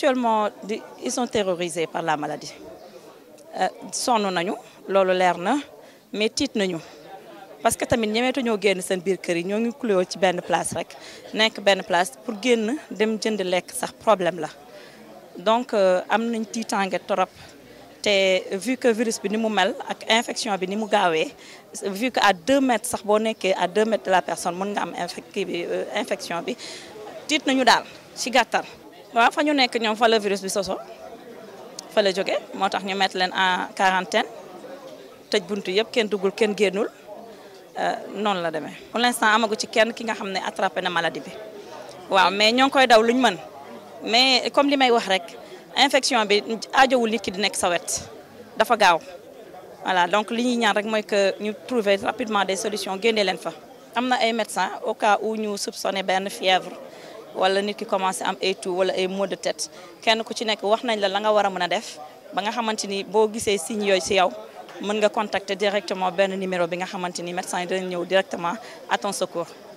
actuellement ils sont terrorisés par la maladie euh, sont mais sont parce que nous, avons nous génn seen biir kër yi place Nous sommes benn place pour dem problème donc euh, vu que virus bi ni mu mel ak infection bi vu que à deux mètres à deux mètres de la personne qui a euh, infection bi waaw fa ñu nekk ñoom fa la virus bi soso fa la jóge moo tax ñu mettre leen en quarantaine tëj buntu yëpp kenn duggul kenn génnul euh, noonu la demee pour l'instant amagu ci kenn ki nga xam ne attrapé na maladie bi waaw mais ñoo ngi koy daw lu ñu mën mais comme li may wax rek infection bi ajowul nit ki di nekk sa wet dafa gaaw voilà donc li ñuy ñaan rek mooy que ñu trouver rapidement des solutions génne leen fa am na ay médecins au cas où ñu soupçonné benn fièvre wala nit ki commencé am ay toux wala ay maux de tête kenn ku ci nekk wax nañ la la nga war a mën a def ba nga xamante ni boo gisee signes yooyu si yow mën nga contacter directement benn numéro bi nga xamante ni médecin yi dinañ ñëw directement à ton secours.